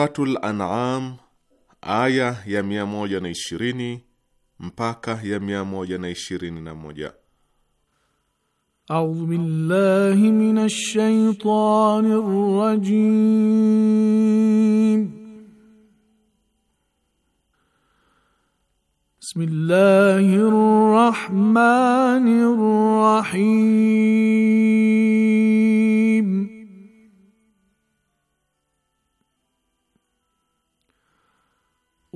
Suratul An'am aya ya na ishirini mpaka ya 121. A'udhu billahi minash shaitanir rajim. Bismillahir rahmanir rahim.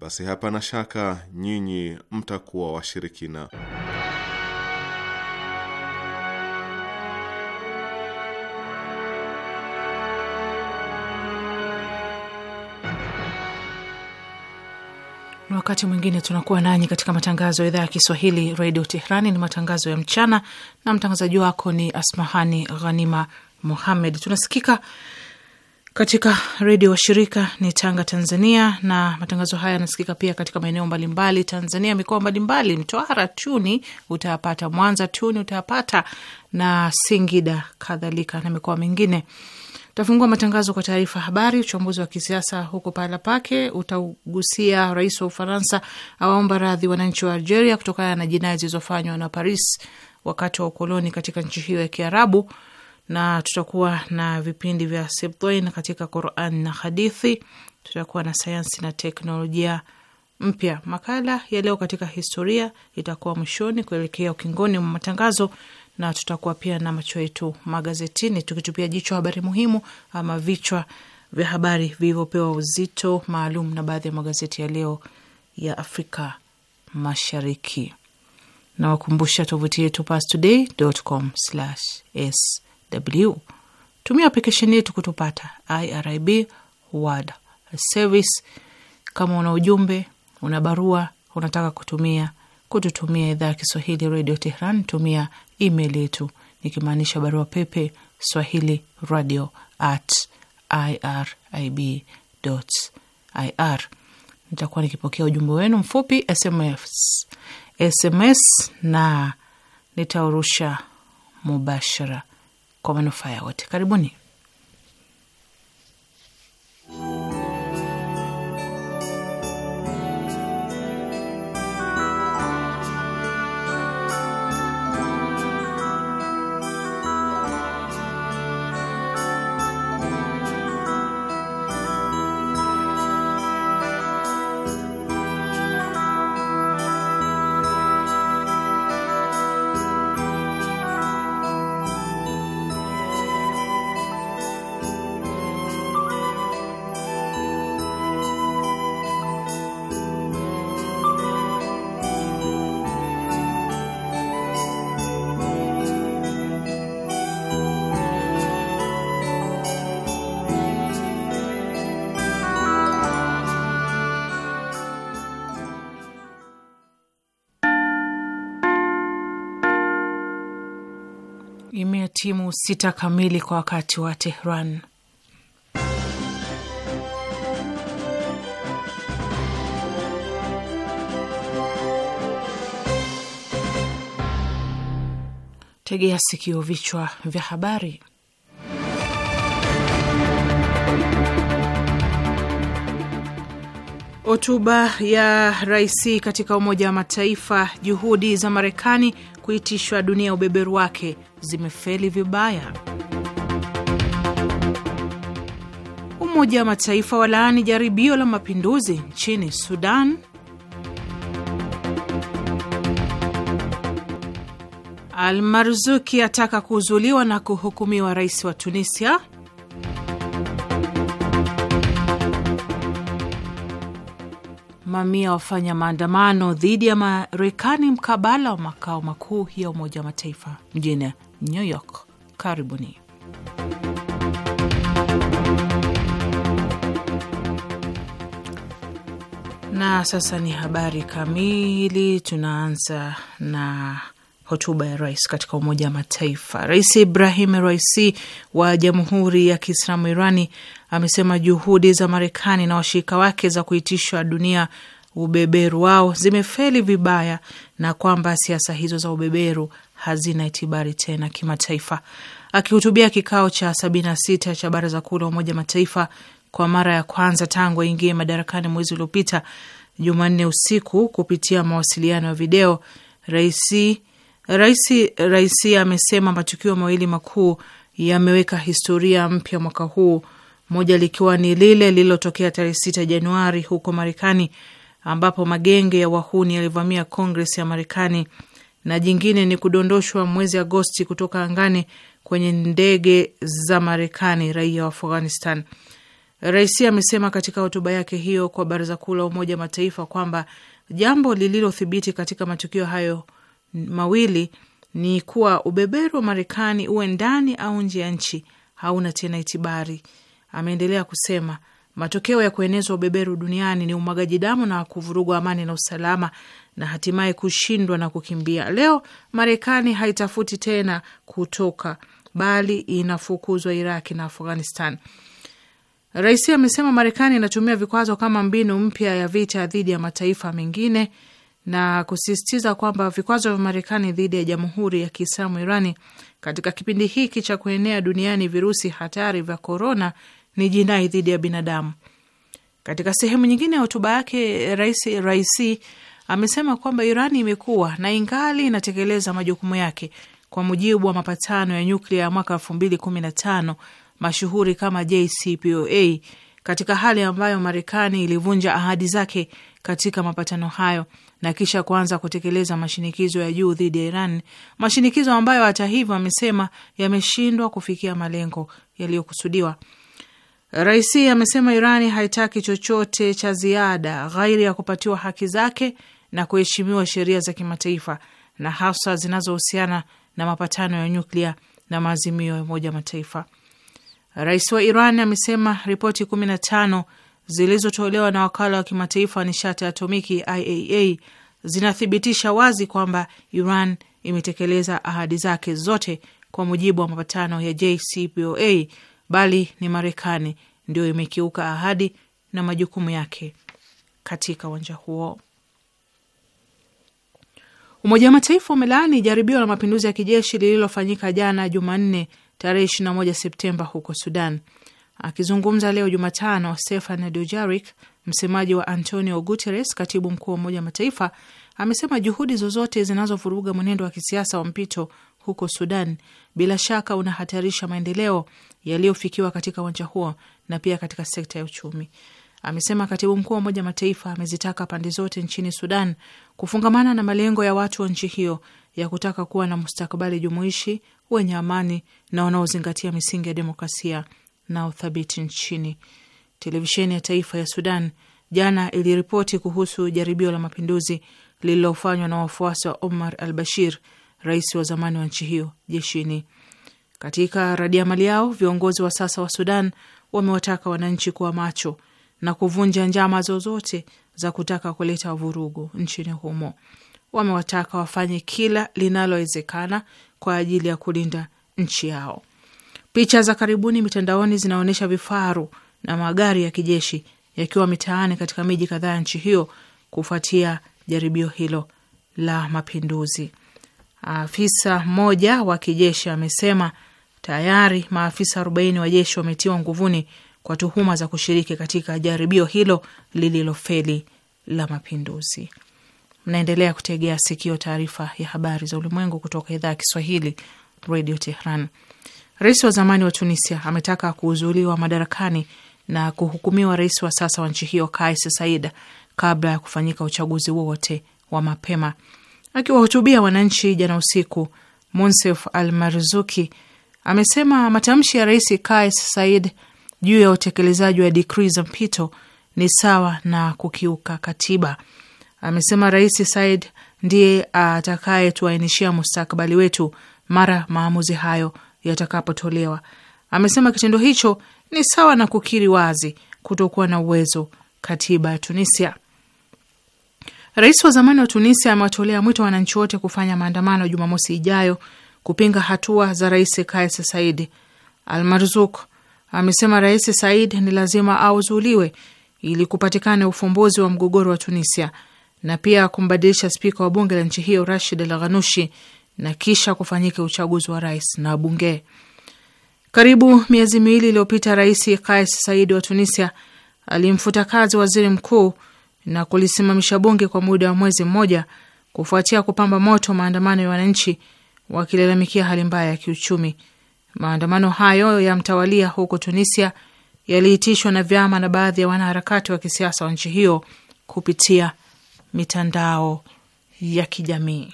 basi hapana shaka nyinyi mtakuwa washirikina. Na wakati mwingine tunakuwa nanyi katika matangazo ya idhaa ya Kiswahili redio Tehrani. Ni matangazo ya mchana, na mtangazaji wako ni Asmahani Ghanima Muhammed. Tunasikika katika redio wa shirika ni Tanga, Tanzania, na matangazo haya yanasikika pia katika maeneo mbalimbali Tanzania, mikoa mbalimbali. Mtwara tuni utayapata, Mwanza tuni utayapata, na Singida kadhalika, na mikoa mingine. Tafungua matangazo kwa taarifa habari. Uchambuzi wa kisiasa huko pahala pake utagusia rais wa Ufaransa awaomba radhi wananchi wa Algeria kutokana na jinai zilizofanywa na Paris wakati wa ukoloni katika nchi hiyo ya Kiarabu na tutakuwa na vipindi vya Sibtain katika Quran na hadithi. Tutakuwa na sayansi na teknolojia mpya. Makala ya leo katika historia itakuwa mwishoni kuelekea ukingoni mwa matangazo, na tutakuwa pia na macho yetu magazetini, tukitupia jicho habari muhimu ama vichwa vya habari vilivyopewa uzito maalum na baadhi ya magazeti ya leo ya Afrika Mashariki. Nawakumbusha tovuti yetu pastoday.com/s sw. Tumia aplikesheni yetu kutupata IRIB World Service. Kama una ujumbe, una barua unataka kutumia kututumia idhaa ya Kiswahili radio Tehran, tumia email yetu nikimaanisha barua pepe swahili radio at irib ir. Nitakuwa nikipokea ujumbe wenu mfupi SMS, SMS na nitaurusha mubashara kwa manufaa ya wote. Karibuni. sita kamili kwa wakati wa Tehran. Tegea sikio, vichwa vya habari. Hotuba ya raisi katika Umoja wa Mataifa, juhudi za Marekani kuitishwa dunia ya ubeberu wake zimefeli vibaya. Umoja wa Mataifa walaani jaribio la mapinduzi nchini Sudan. Almarzuki ataka kuuzuliwa na kuhukumiwa rais wa Tunisia. mamia wafanya maandamano dhidi ya Marekani mkabala wa makao makuu ya Umoja wa Mataifa mjini New York. Karibuni. Na sasa ni habari kamili. Tunaanza na hotuba ya rais katika Umoja wa Mataifa. Rais Ibrahim Raisi wa Jamhuri ya Kiislamu Irani amesema juhudi za Marekani na washirika wake za kuitishwa dunia ubeberu wao zimefeli vibaya na kwamba siasa hizo za ubeberu hazina itibari tena kimataifa. Akihutubia kikao cha sabini na sita cha baraza kuu la Umoja Mataifa kwa mara ya kwanza tangu aingie madarakani mwezi uliopita, Jumanne usiku kupitia mawasiliano ya video, raisi raisi raisi amesema matukio mawili makuu yameweka historia mpya mwaka huu, moja likiwa ni lile lililotokea tarehe sita Januari huko Marekani ambapo magenge ya wahuni yalivamia Kongres ya Marekani, na jingine ni kudondoshwa mwezi Agosti kutoka angani kwenye ndege za Marekani raia wa Afghanistan. Raisi amesema katika hotuba yake hiyo kwa Baraza Kuu la Umoja wa Mataifa kwamba jambo lililothibiti katika matukio hayo mawili ni kuwa ubeberu wa Marekani uwe ndani au nje ya nchi hauna tena itibari. Ameendelea kusema Matokeo ya kuenezwa ubeberu duniani ni umwagaji damu na kuvurugwa amani na usalama na hatimaye kushindwa na kukimbia. Leo Marekani haitafuti tena kutoka, bali inafukuzwa Iraki na Afghanistan. Rais amesema Marekani inatumia vikwazo kama mbinu mpya ya vita dhidi ya mataifa mengine na kusisitiza kwamba vikwazo vya Marekani dhidi ya Jamhuri ya Kiislamu Irani katika kipindi hiki cha kuenea duniani virusi hatari vya korona ni jinai dhidi ya binadamu. Katika sehemu nyingine ya hotuba yake, Rais Raisi amesema kwamba Iran imekuwa na ingali inatekeleza majukumu yake kwa mujibu wa mapatano ya nyuklia ya mwaka elfu mbili kumi na tano mashuhuri kama JCPOA katika hali ambayo Marekani ilivunja ahadi zake katika mapatano hayo na kisha kuanza kutekeleza mashinikizo ya juu dhidi ya Iran, mashinikizo ambayo hata hivyo amesema yameshindwa kufikia malengo yaliyokusudiwa. Raisi amesema Irani haitaki chochote cha ziada ghairi ya kupatiwa haki zake na kuheshimiwa sheria za kimataifa na hasa zinazohusiana na mapatano ya nyuklia na maazimio ya Umoja Mataifa. Rais wa Iran amesema ripoti 15 zilizotolewa na wakala wa kimataifa wa nishati ya atomiki IAEA zinathibitisha wazi kwamba Iran imetekeleza ahadi zake zote kwa mujibu wa mapatano ya JCPOA bali ni Marekani ndio imekiuka ahadi na majukumu yake katika uwanja huo. Umoja wa Mataifa umelaani jaribio la mapinduzi ya kijeshi lililofanyika jana Jumanne tarehe moja Septemba huko Sudan. Akizungumza leo Jumatano, Stefan Dujarik, msemaji wa Antonio Guterres, katibu mkuu wa Umoja wa Mataifa, amesema juhudi zozote zinazovuruga mwenendo wa kisiasa wa mpito huko Sudan bila shaka unahatarisha maendeleo yaliyofikiwa katika uwanja huo na pia katika sekta ya uchumi, amesema katibu mkuu wa Umoja Mataifa. Amezitaka pande zote nchini Sudan kufungamana na malengo ya watu wa nchi hiyo ya kutaka kuwa na mustakabali jumuishi wenye amani na wanaozingatia misingi ya demokrasia na uthabiti nchini. Televisheni ya taifa ya Sudan jana iliripoti kuhusu jaribio la mapinduzi lililofanywa na wafuasi wa Omar al Bashir rais wa zamani wa nchi hiyo jeshini. Katika mali yao, viongozi wa sasa wa Sudan wamewataka wananchi kuwa macho na kuvunja njama zozote za kutaka kuleta vurugu nchini humo. Wamewataka wafanye kila linalowezekana kwa ajili ya kulinda nchi yao. Picha za karibuni mitandaoni zinaonyesha vifaru na magari ya kijeshi yakiwa mitaani katika miji kadhaa ya nchi hiyo kufuatia jaribio hilo la mapinduzi. Afisa mmoja wa kijeshi amesema tayari maafisa 40 wa jeshi wametiwa nguvuni kwa tuhuma za kushiriki katika jaribio hilo lililofeli la mapinduzi. Mnaendelea kutegea sikio taarifa ya habari za ulimwengu kutoka idhaa ya Kiswahili, Radio Tehran. Rais wa zamani wa Tunisia ametaka kuuzuliwa madarakani na kuhukumiwa rais wa sasa wa nchi hiyo Kais Saied kabla ya kufanyika uchaguzi wowote wa mapema. Akiwahutubia wananchi jana usiku, Munsef Al Marzuki amesema matamshi ya Rais Kais Said juu ya utekelezaji wa dikri za mpito ni sawa na kukiuka katiba. Amesema Rais Said ndiye atakayetuainishia mustakabali wetu mara maamuzi hayo yatakapotolewa. Amesema kitendo hicho ni sawa na kukiri wazi kutokuwa na uwezo katiba ya Tunisia. Rais wa zamani wa Tunisia amewatolea mwito wananchi wote kufanya maandamano Jumamosi ijayo kupinga hatua za Rais Kais Saidi. marzuk amesema Rais Said ni lazima auzuliwe ili kupatikana ufumbuzi wa mgogoro wa Tunisia na pia kumbadilisha spika wa bunge la nchi hiyo Rashid Al Ghanushi na kisha kufanyika uchaguzi wa rais na bunge. Karibu miezi miwili iliyopita, Rais Kais Said wa Tunisia alimfuta kazi waziri mkuu na kulisimamisha bunge kwa muda wa mwezi mmoja kufuatia kupamba moto maandamano ya wananchi wakilalamikia hali mbaya ya kiuchumi. Maandamano hayo ya mtawalia huko Tunisia yaliitishwa na vyama na baadhi ya wanaharakati wa kisiasa wa nchi hiyo kupitia mitandao ya kijamii.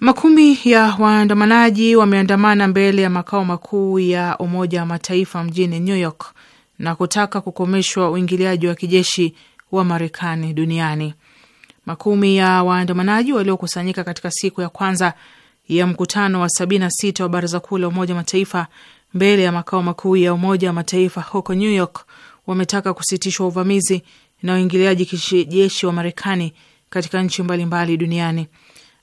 Makumi ya waandamanaji wameandamana mbele ya makao makuu ya Umoja wa Mataifa mjini New York na kutaka kukomeshwa uingiliaji wa kijeshi wa Marekani duniani. Makumi ya waandamanaji waliokusanyika katika siku ya kwanza ya mkutano wa sita wa Baraza Kuu la Umoja Mataifa mbele ya makao makuu ya Umoja wa Mataifa huko New York wametaka kusitishwa uvamizi na uingiliaji kijeshi wa Marekani katika nchi mbalimbali duniani.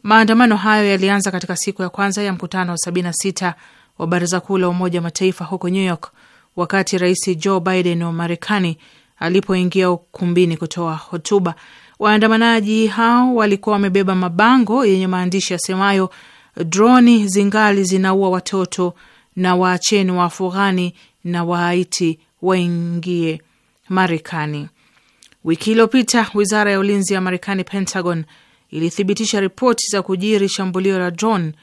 Maandamano hayo yalianza katika siku ya kwanza ya mkutano wa sita wa Baraza Kuu la Umoja wa Mataifa huko New York wakati rais Joe Biden wa Marekani alipoingia ukumbini kutoa hotuba. Waandamanaji hao walikuwa wamebeba mabango yenye maandishi yasemayo droni zingali zinaua watoto na waacheni wa afughani na Wahaiti waingie Marekani. Wiki iliyopita wizara ya ulinzi ya Marekani, Pentagon, ilithibitisha ripoti za kujiri shambulio la dron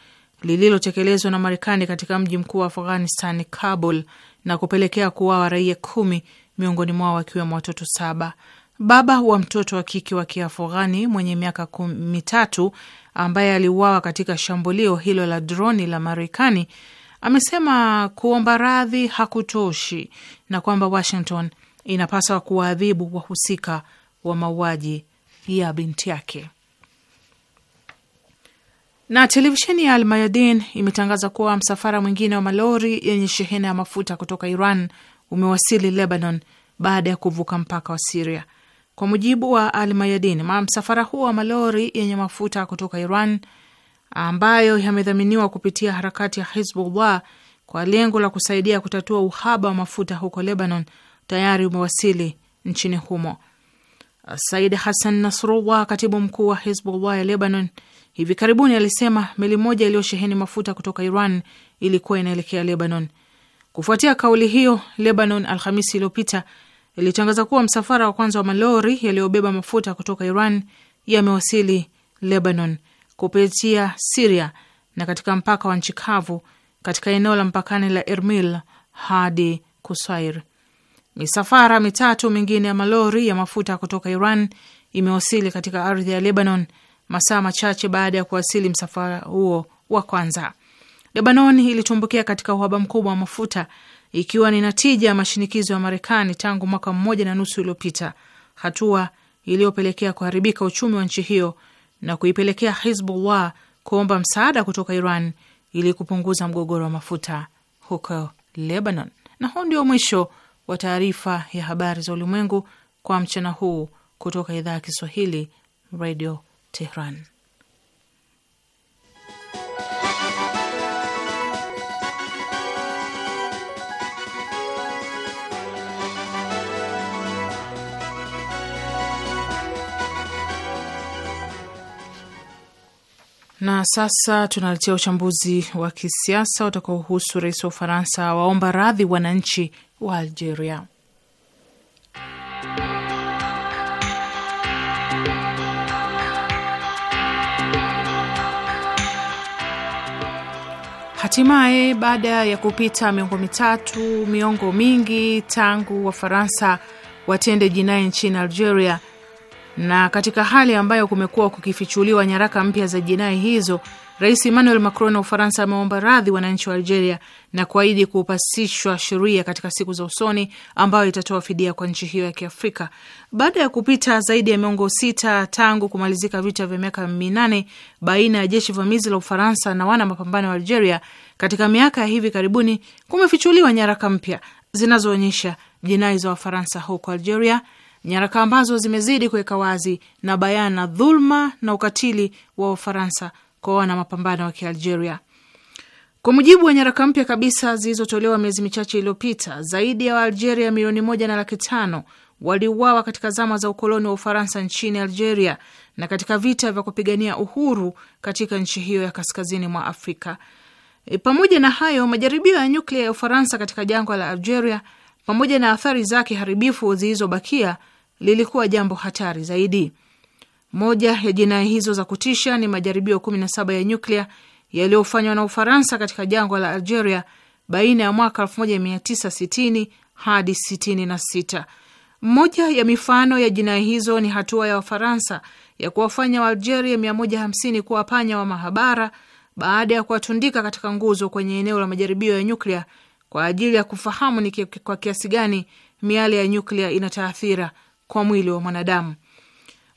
lililotekelezwa na Marekani katika mji mkuu wa Afghanistan, Kabul, na kupelekea kuwawa raia kumi, miongoni mwao wakiwemo watoto saba. Baba wa mtoto wa kike wa kiafughani mwenye miaka mitatu ambaye aliuawa katika shambulio hilo la droni la Marekani amesema kuomba radhi hakutoshi na kwamba Washington inapaswa kuwaadhibu wahusika wa mauaji ya binti yake. Na televisheni ya Almayadin imetangaza kuwa msafara mwingine wa malori yenye shehena ya mafuta kutoka Iran umewasili Lebanon baada ya kuvuka mpaka wa Siria. Kwa mujibu wa Almayadin, msafara huo wa malori yenye mafuta kutoka Iran ambayo yamedhaminiwa kupitia harakati ya Hizbullah kwa lengo la kusaidia kutatua uhaba wa mafuta huko Lebanon tayari umewasili nchini humo. Said Hassan Nasrullah, katibu mkuu wa Hizbullah ya Lebanon, Hivi karibuni alisema meli moja iliyosheheni mafuta kutoka Iran ilikuwa inaelekea Lebanon. Kufuatia kauli hiyo, Lebanon Alhamisi iliyopita ilitangaza kuwa msafara wa kwanza wa malori yaliyobeba mafuta kutoka Iran yamewasili Lebanon kupitia Siria na katika mpaka wa nchi kavu katika eneo la mpakani la Ermil hadi Kusair. Misafara mitatu mingine ya malori ya mafuta kutoka Iran imewasili katika ardhi ya Lebanon masaa machache baada ya kuwasili msafara huo wa kwanza. Lebanon ilitumbukia katika uhaba mkubwa wa mafuta ikiwa ni natija ya mashinikizo ya Marekani tangu mwaka mmoja na nusu uliopita, hatua iliyopelekea kuharibika uchumi wa nchi hiyo na kuipelekea Hizbullah kuomba msaada kutoka Iran ili kupunguza mgogoro wa mafuta huko Lebanon. Na huu ndio mwisho wa taarifa ya habari za ulimwengu kwa mchana huu kutoka idhaa ya Kiswahili, Radio Tehran. Na sasa tunaletea uchambuzi wa kisiasa utakaohusu rais wa Ufaransa waomba radhi wananchi wa Algeria. Hatimaye, baada ya kupita miongo mitatu, miongo mingi tangu Wafaransa watende jinai nchini Algeria, na katika hali ambayo kumekuwa kukifichuliwa nyaraka mpya za jinai hizo Rais Emmanuel Macron wa Ufaransa ameomba radhi wananchi wa Algeria na kuahidi kupasishwa sheria katika siku za usoni ambayo itatoa fidia kwa nchi hiyo ya Kiafrika baada ya kupita zaidi ya miongo sita tangu kumalizika vita vya miaka minane baina ya jeshi vamizi la Ufaransa na wana mapambano wa Algeria. Katika miaka ya hivi karibuni kumefichuliwa nyaraka mpya zinazoonyesha jinai za Wafaransa huko Algeria, nyaraka ambazo zimezidi kuweka wazi na bayana dhulma na ukatili wa Wafaransa kwa wana mapambano wa Kialgeria. Kwa mujibu wa nyaraka mpya kabisa zilizotolewa miezi michache iliyopita, zaidi ya Waalgeria milioni moja na laki tano waliuawa katika zama za ukoloni wa Ufaransa nchini Algeria na katika vita vya kupigania uhuru katika nchi hiyo ya kaskazini mwa Afrika. E, pamoja na hayo, majaribio ya nyuklia ya Ufaransa katika jangwa la Algeria pamoja na athari zake haribifu zilizobakia lilikuwa jambo hatari zaidi. Moja ya jinai hizo za kutisha ni majaribio 17 ya nyuklia yaliyofanywa na Ufaransa katika jangwa la Algeria baina ya mwaka 1960 hadi 66. Moja ya mifano ya jinai hizo ni hatua ya Wafaransa ya kuwafanya Waalgeria 150 kuwa panya wa mahabara baada ya kuwatundika katika nguzo kwenye eneo la majaribio ya nyuklia kwa ajili ya kufahamu ni kwa kiasi gani miale ya nyuklia ina taathira kwa mwili wa mwanadamu.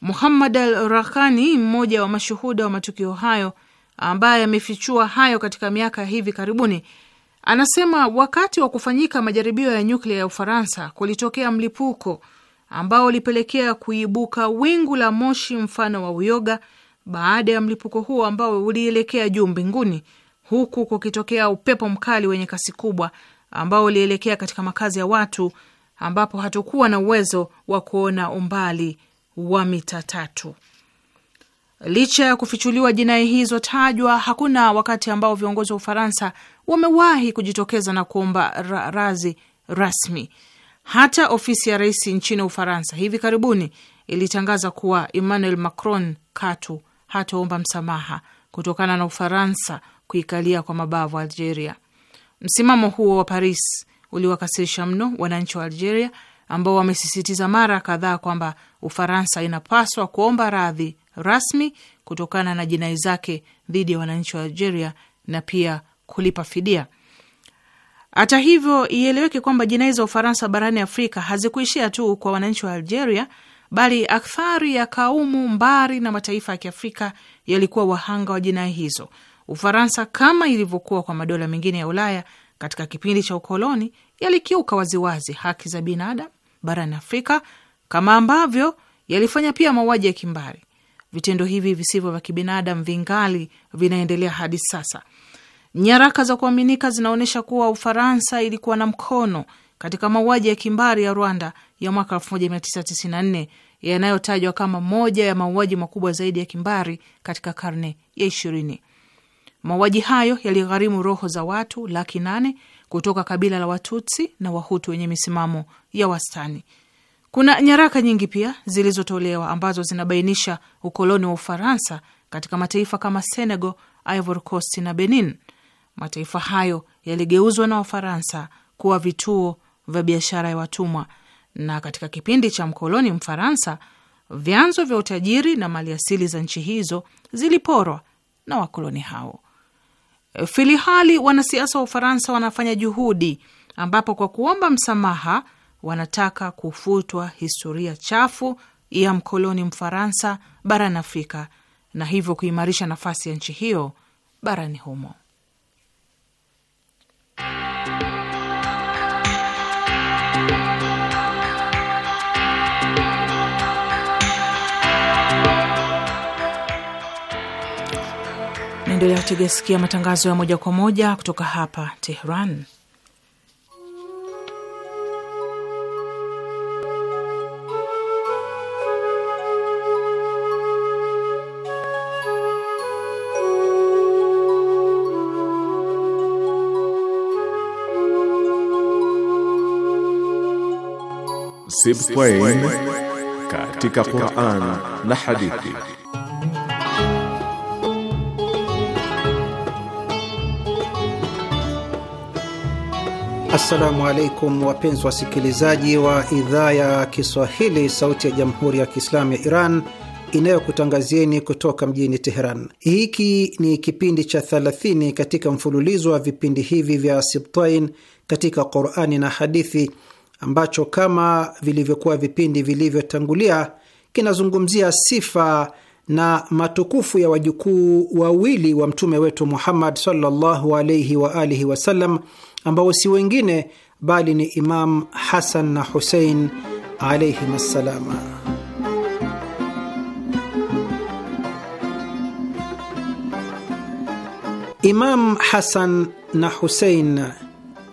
Muhammad al Rakhani, mmoja wa mashuhuda wa matukio hayo ambaye amefichua hayo katika miaka hivi karibuni, anasema wakati wa kufanyika majaribio ya nyuklia ya Ufaransa kulitokea mlipuko ambao ulipelekea kuibuka wingu la moshi mfano wa uyoga. Baada ya mlipuko huo ambao ulielekea juu mbinguni, huku kukitokea upepo mkali wenye kasi kubwa ambao ulielekea katika makazi ya watu, ambapo hatukuwa na uwezo wa kuona umbali wa mita tatu. Licha ya kufichuliwa jinai hizo tajwa, hakuna wakati ambao viongozi wa Ufaransa wamewahi kujitokeza na kuomba ra razi rasmi. Hata ofisi ya rais nchini Ufaransa hivi karibuni ilitangaza kuwa Emmanuel Macron katu hataomba msamaha kutokana na Ufaransa kuikalia kwa mabavu Algeria. Msimamo huo wa Paris uliwakasirisha mno wananchi wa Algeria ambao wamesisitiza mara kadhaa kwamba Ufaransa inapaswa kuomba radhi rasmi kutokana na jinai zake dhidi ya wananchi wa Algeria na pia kulipa fidia. Hata hivyo, ieleweke kwamba jinai za Ufaransa barani Afrika hazikuishia tu kwa wananchi wa Algeria, bali akthari ya kaumu mbari na mataifa ya Kiafrika yalikuwa wahanga wa jinai hizo. Ufaransa, kama ilivyokuwa kwa madola mengine ya Ulaya katika kipindi cha ukoloni, yalikiuka waziwazi haki za binadamu barani Afrika kama ambavyo yalifanya pia mauaji ya kimbari. Vitendo hivi visivyo vya kibinadamu vingali vinaendelea hadi sasa. Nyaraka za kuaminika zinaonyesha kuwa Ufaransa ilikuwa na mkono katika mauaji ya kimbari ya Rwanda ya mwaka 1994 yanayotajwa kama moja ya mauaji makubwa zaidi ya kimbari katika karne ya ishirini. Mauaji hayo yaligharimu roho za watu laki nane kutoka kabila la Watutsi na Wahutu wenye misimamo ya wastani. Kuna nyaraka nyingi pia zilizotolewa ambazo zinabainisha ukoloni wa Ufaransa katika mataifa kama Senegal, Ivory Coast na Benin. Mataifa hayo yaligeuzwa na Wafaransa kuwa vituo vya biashara ya watumwa, na katika kipindi cha mkoloni Mfaransa, vyanzo vya utajiri na maliasili za nchi hizo ziliporwa na wakoloni hao. Filihali wanasiasa wa Ufaransa wanafanya juhudi ambapo kwa kuomba msamaha wanataka kufutwa historia chafu ya mkoloni Mfaransa barani Afrika na hivyo kuimarisha nafasi ya nchi hiyo barani humo. Mnaendelea kutegesikia matangazo ya moja kwa moja kutoka hapa Tehran. Sibtain katika Qur'an na hadithi Assalamu alaikum wapenzi wasikilizaji wa idhaa ya Kiswahili, sauti ya jamhuri ya kiislamu ya Iran inayokutangazieni kutoka mjini Teheran. Hiki ni kipindi cha 30 katika mfululizo wa vipindi hivi vya Sibtain katika Qurani na hadithi ambacho kama vilivyokuwa vipindi vilivyotangulia kinazungumzia sifa na matukufu ya wajukuu wawili wa mtume wetu Muhammad sallallahu alaihi waalihi wasallam ambao si wengine bali ni Imam Hasan na Husein alaihim assalama. Imam Hasan na Husein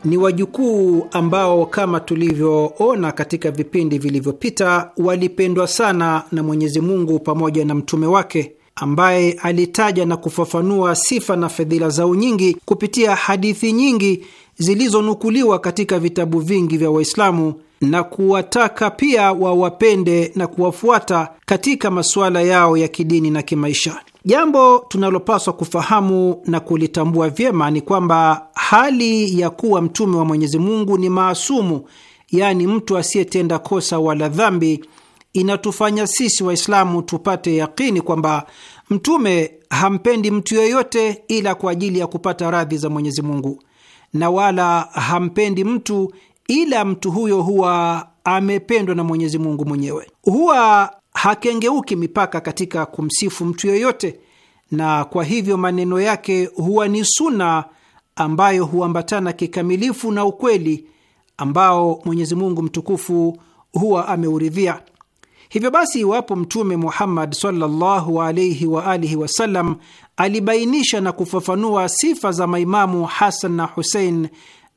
ni wajukuu ambao kama tulivyoona katika vipindi vilivyopita walipendwa sana na Mwenyezi Mungu pamoja na mtume wake ambaye alitaja na kufafanua sifa na fadhila zao nyingi kupitia hadithi nyingi zilizonukuliwa katika vitabu vingi vya Waislamu na kuwataka pia wawapende na kuwafuata katika masuala yao ya kidini na kimaisha. Jambo tunalopaswa kufahamu na kulitambua vyema ni kwamba hali ya kuwa mtume wa Mwenyezi Mungu ni maasumu, yaani mtu asiyetenda kosa wala dhambi, inatufanya sisi Waislamu tupate yakini kwamba mtume hampendi mtu yoyote ila kwa ajili ya kupata radhi za Mwenyezi Mungu na wala hampendi mtu ila mtu huyo huwa amependwa na Mwenyezi Mungu mwenyewe. Huwa hakengeuki mipaka katika kumsifu mtu yoyote, na kwa hivyo maneno yake huwa ni suna ambayo huambatana kikamilifu na ukweli ambao Mwenyezi Mungu mtukufu huwa ameuridhia. Hivyo basi, iwapo Mtume Muhammad sallallahu alaihi wa alihi wasallam alibainisha na kufafanua sifa za maimamu Hasan na Husein,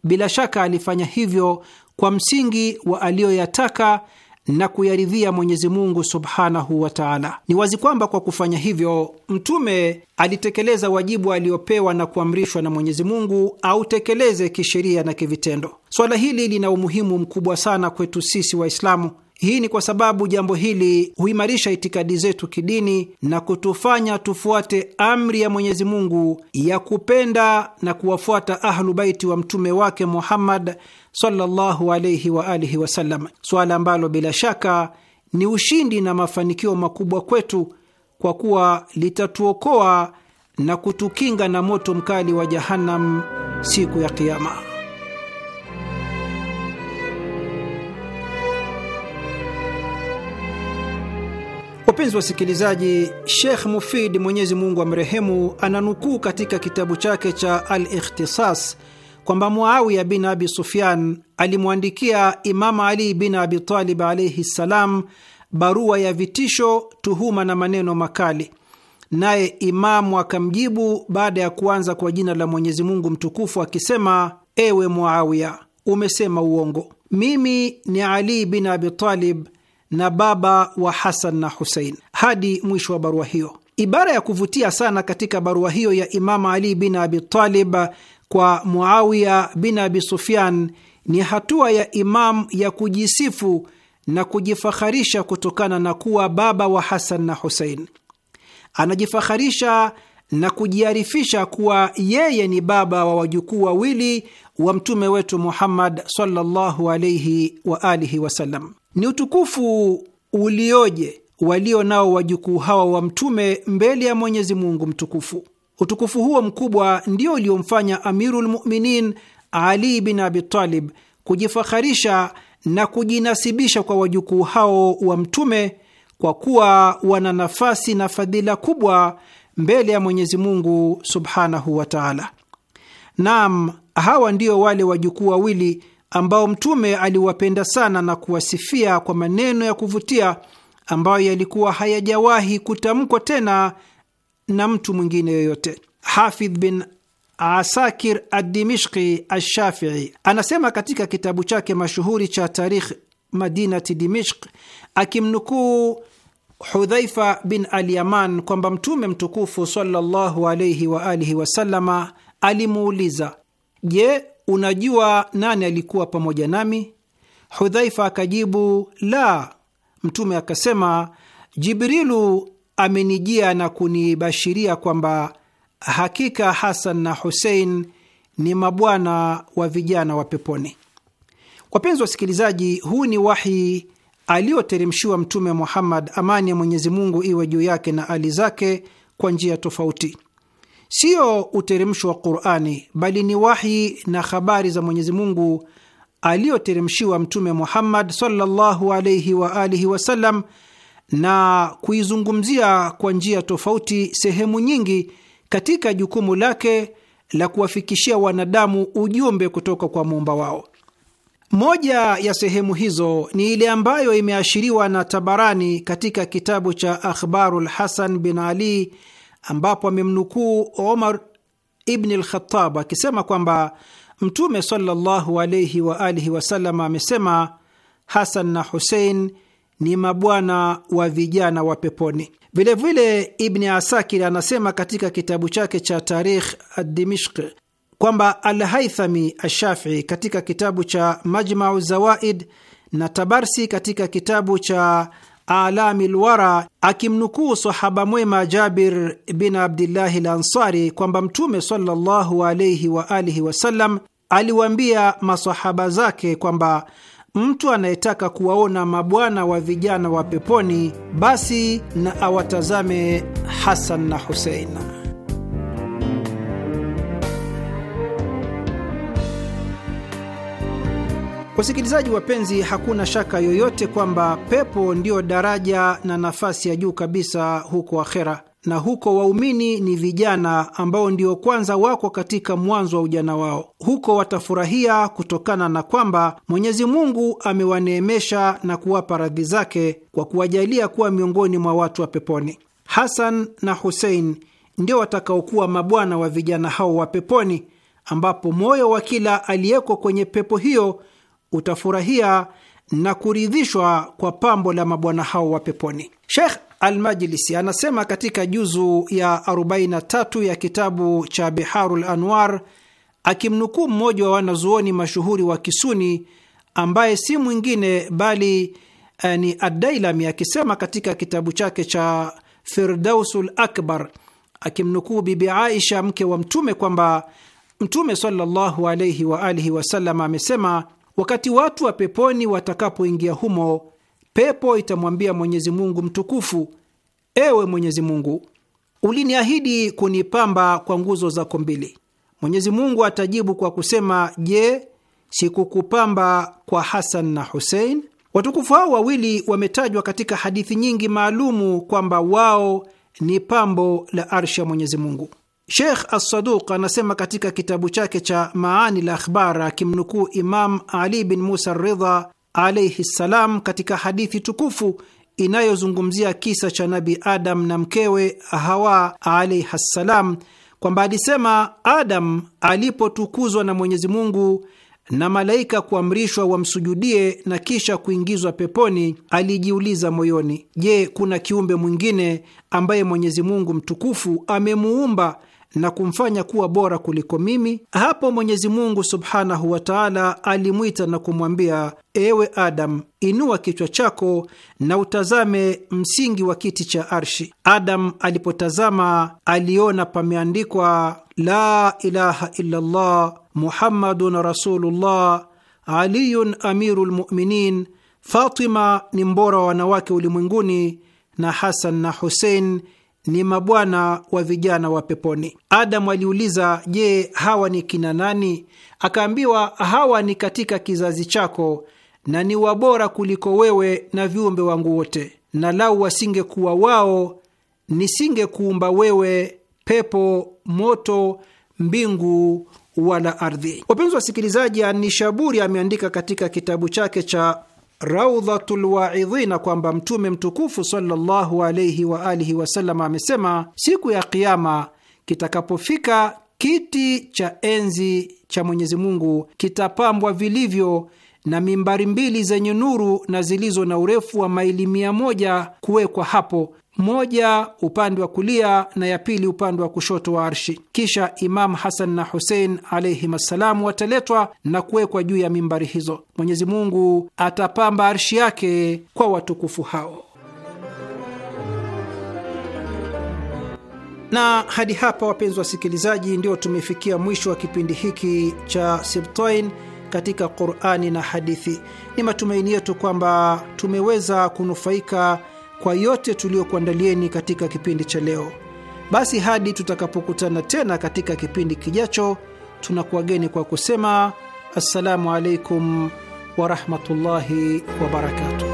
bila shaka alifanya hivyo kwa msingi wa aliyoyataka na kuyaridhia Mwenyezi Mungu subhanahu wa taala. Ni wazi kwamba kwa kufanya hivyo Mtume alitekeleza wajibu aliopewa na kuamrishwa na Mwenyezi Mungu autekeleze kisheria na kivitendo. Swala hili lina umuhimu mkubwa sana kwetu sisi Waislamu, hii ni kwa sababu jambo hili huimarisha itikadi zetu kidini na kutufanya tufuate amri ya Mwenyezi Mungu ya kupenda na kuwafuata Ahlu Baiti wa mtume wake Muhammad sallallahu alayhi wa alihi wasallam, swala ambalo bila shaka ni ushindi na mafanikio makubwa kwetu kwa kuwa litatuokoa na kutukinga na moto mkali wa Jahannam siku ya kiama Wapenzi wasikilizaji, Sheikh Mufid, Mwenyezi Mungu amrehemu, ananukuu katika kitabu chake cha Al-Ikhtisas kwamba Muawiya bin Abi Sufyan alimwandikia Imamu Ali bin Abi Talib alaihi ssalam barua ya vitisho, tuhuma na maneno makali, naye Imamu akamjibu baada ya kuanza kwa jina la Mwenyezi Mungu mtukufu akisema: ewe Muawiya, umesema uongo. Mimi ni Ali bin Abi Talib na baba wa Hasan na Husein, hadi mwisho wa barua hiyo. Ibara ya kuvutia sana katika barua hiyo ya Imamu Ali bin Abi Talib kwa Muawiya bin Abi Sufyan ni hatua ya Imamu ya kujisifu na kujifaharisha kutokana na kuwa baba wa Hasan na Husein. Anajifaharisha na kujiarifisha kuwa yeye ni baba wa wajukuu wawili wa mtume wetu Muhammad sallallahu alaihi wa alihi wasallam. Ni utukufu ulioje walio nao wajukuu hawa wa mtume mbele ya Mwenyezi Mungu Mtukufu. Utukufu huo mkubwa ndio uliomfanya amirulmuminin Ali bin Abitalib kujifaharisha na kujinasibisha kwa wajukuu hao wa mtume kwa kuwa wana nafasi na fadhila kubwa mbele ya Mwenyezi Mungu subhanahu wa taala. Naam, hawa ndio wale wajukuu wawili ambao Mtume aliwapenda sana na kuwasifia kwa maneno ya kuvutia ambayo yalikuwa hayajawahi kutamkwa tena na mtu mwingine yoyote. Hafidh bin Asakir Adimishki Ashafii anasema katika kitabu chake mashuhuri cha Tarikh Madinati Dimishk akimnukuu Hudhaifa bin Alyaman kwamba Mtume mtukufu sallallahu alaihi wa alihi wasallama alimuuliza, je, unajua nani alikuwa pamoja nami? Hudhaifa akajibu la. Mtume akasema, Jibrilu amenijia na kunibashiria kwamba hakika Hasan na Husein ni mabwana wa vijana wa peponi. Wapenzi wasikilizaji, huu ni wahi aliyoteremshiwa Mtume Muhammad, amani ya Mwenyezi Mungu iwe juu yake na ali zake, kwa njia tofauti. Siyo uteremsho wa Qurani, bali ni wahi na habari za Mwenyezi Mungu aliyoteremshiwa Mtume Muhammad sallallahu wa alihi wasallam na kuizungumzia kwa njia tofauti sehemu nyingi katika jukumu lake la kuwafikishia wanadamu ujumbe kutoka kwa muumba wao. Moja ya sehemu hizo ni ile ambayo imeashiriwa na Tabarani katika kitabu cha Akhbaru Lhasan bin Ali, ambapo amemnukuu Omar Ibni Lkhatab akisema kwamba Mtume sallallahu alayhi wa alihi wasallam amesema, Hasan na Husein ni mabwana wa vijana wa peponi. Vilevile Ibni Asakir anasema katika kitabu chake cha Tarikh Adimishq kwamba Alhaithami Ashafii katika kitabu cha Majmau Zawaid na Tabarsi katika kitabu cha Alami Lwara akimnukuu sahaba mwema Jabir bin Abdillahi Lansari kwamba Mtume sallallahu alaihi wa alihi wasallam aliwaambia masahaba zake kwamba mtu anayetaka kuwaona mabwana wa vijana wa peponi basi na awatazame Hasan na Husein. Wasikilizaji wapenzi, hakuna shaka yoyote kwamba pepo ndiyo daraja na nafasi ya juu kabisa huko akhera, na huko waumini ni vijana ambao ndio kwanza wako katika mwanzo wa ujana wao. Huko watafurahia kutokana na kwamba Mwenyezi Mungu amewaneemesha na kuwapa radhi zake kwa kuwajalia kuwa miongoni mwa watu wa peponi. Hasan na Husein ndio watakaokuwa mabwana wa vijana hao wa peponi, ambapo moyo wa kila aliyeko kwenye pepo hiyo utafurahia na kuridhishwa kwa pambo la mabwana hao wa peponi. Sheikh Almajlisi anasema katika juzu ya 43 ya kitabu cha Biharul Anwar, akimnukuu mmoja wa wanazuoni mashuhuri wa Kisuni ambaye si mwingine bali eh, ni Adailami akisema katika kitabu chake cha Firdausul Akbar akimnukuu Bibi Aisha mke wa Mtume kwamba Mtume sallallahu alaihi wasallam amesema Wakati watu wa peponi watakapoingia humo, pepo itamwambia Mwenyezi Mungu mtukufu, ewe Mwenyezi Mungu, uliniahidi kunipamba kwa nguzo zako mbili. Mwenyezi Mungu atajibu kwa kusema, je, sikukupamba kwa Hasan na Husein? Watukufu hao wawili wametajwa katika hadithi nyingi maalumu kwamba wao ni pambo la arsha Mwenyezi Mungu. Sheikh Assaduq anasema katika kitabu chake cha Maani la Akhbar, akimnukuu Imam Ali bin Musa Ridha alaihi ssalam, katika hadithi tukufu inayozungumzia kisa cha Nabi Adam na mkewe Hawa alaihi ssalam, kwamba alisema Adam alipotukuzwa na Mwenyezi Mungu na malaika kuamrishwa wamsujudie na kisha kuingizwa peponi, alijiuliza moyoni, je, kuna kiumbe mwingine ambaye Mwenyezi Mungu mtukufu amemuumba na kumfanya kuwa bora kuliko mimi. Hapo Mwenyezi Mungu subhanahu wa taala alimwita na kumwambia, ewe Adam, inua kichwa chako na utazame msingi wa kiti cha arshi. Adam alipotazama aliona pameandikwa la ilaha illallah muhammadun rasulullah aliyun amiru lmuminin, Fatima ni mbora wa wanawake ulimwenguni, na Hasan na Husein ni mabwana wa vijana wa peponi. Adamu aliuliza, je, hawa ni kina nani? Akaambiwa, hawa ni katika kizazi chako na ni wabora kuliko wewe na viumbe wangu wote, na lau wasingekuwa wao nisingekuumba wewe, pepo, moto, mbingu wala ardhi. Wapenzi wasikilizaji, Anishaburi ameandika katika kitabu chake cha Raudhatul Waidhina kwamba Mtume mtukufu sallallahu alaihi wa alihi wasallam amesema, siku ya Kiama kitakapofika kiti cha enzi cha Mwenyezi Mungu kitapambwa vilivyo na mimbari mbili zenye nuru na zilizo na urefu wa maili mia moja kuwekwa hapo moja upande wa kulia na ya pili upande wa kushoto wa arshi. Kisha Imamu Hasan na Husein alayhim assalamu wataletwa na kuwekwa juu ya mimbari hizo. Mwenyezi Mungu atapamba arshi yake kwa watukufu hao. Na hadi hapa, wapenzi wasikilizaji, ndio tumefikia mwisho wa kipindi hiki cha Sibtain katika Qurani na Hadithi. Ni matumaini yetu kwamba tumeweza kunufaika kwa yote tuliyokuandalieni katika kipindi cha leo. Basi hadi tutakapokutana tena katika kipindi kijacho, tunakuwageni kwa kusema assalamu alaikum warahmatullahi wabarakatuh.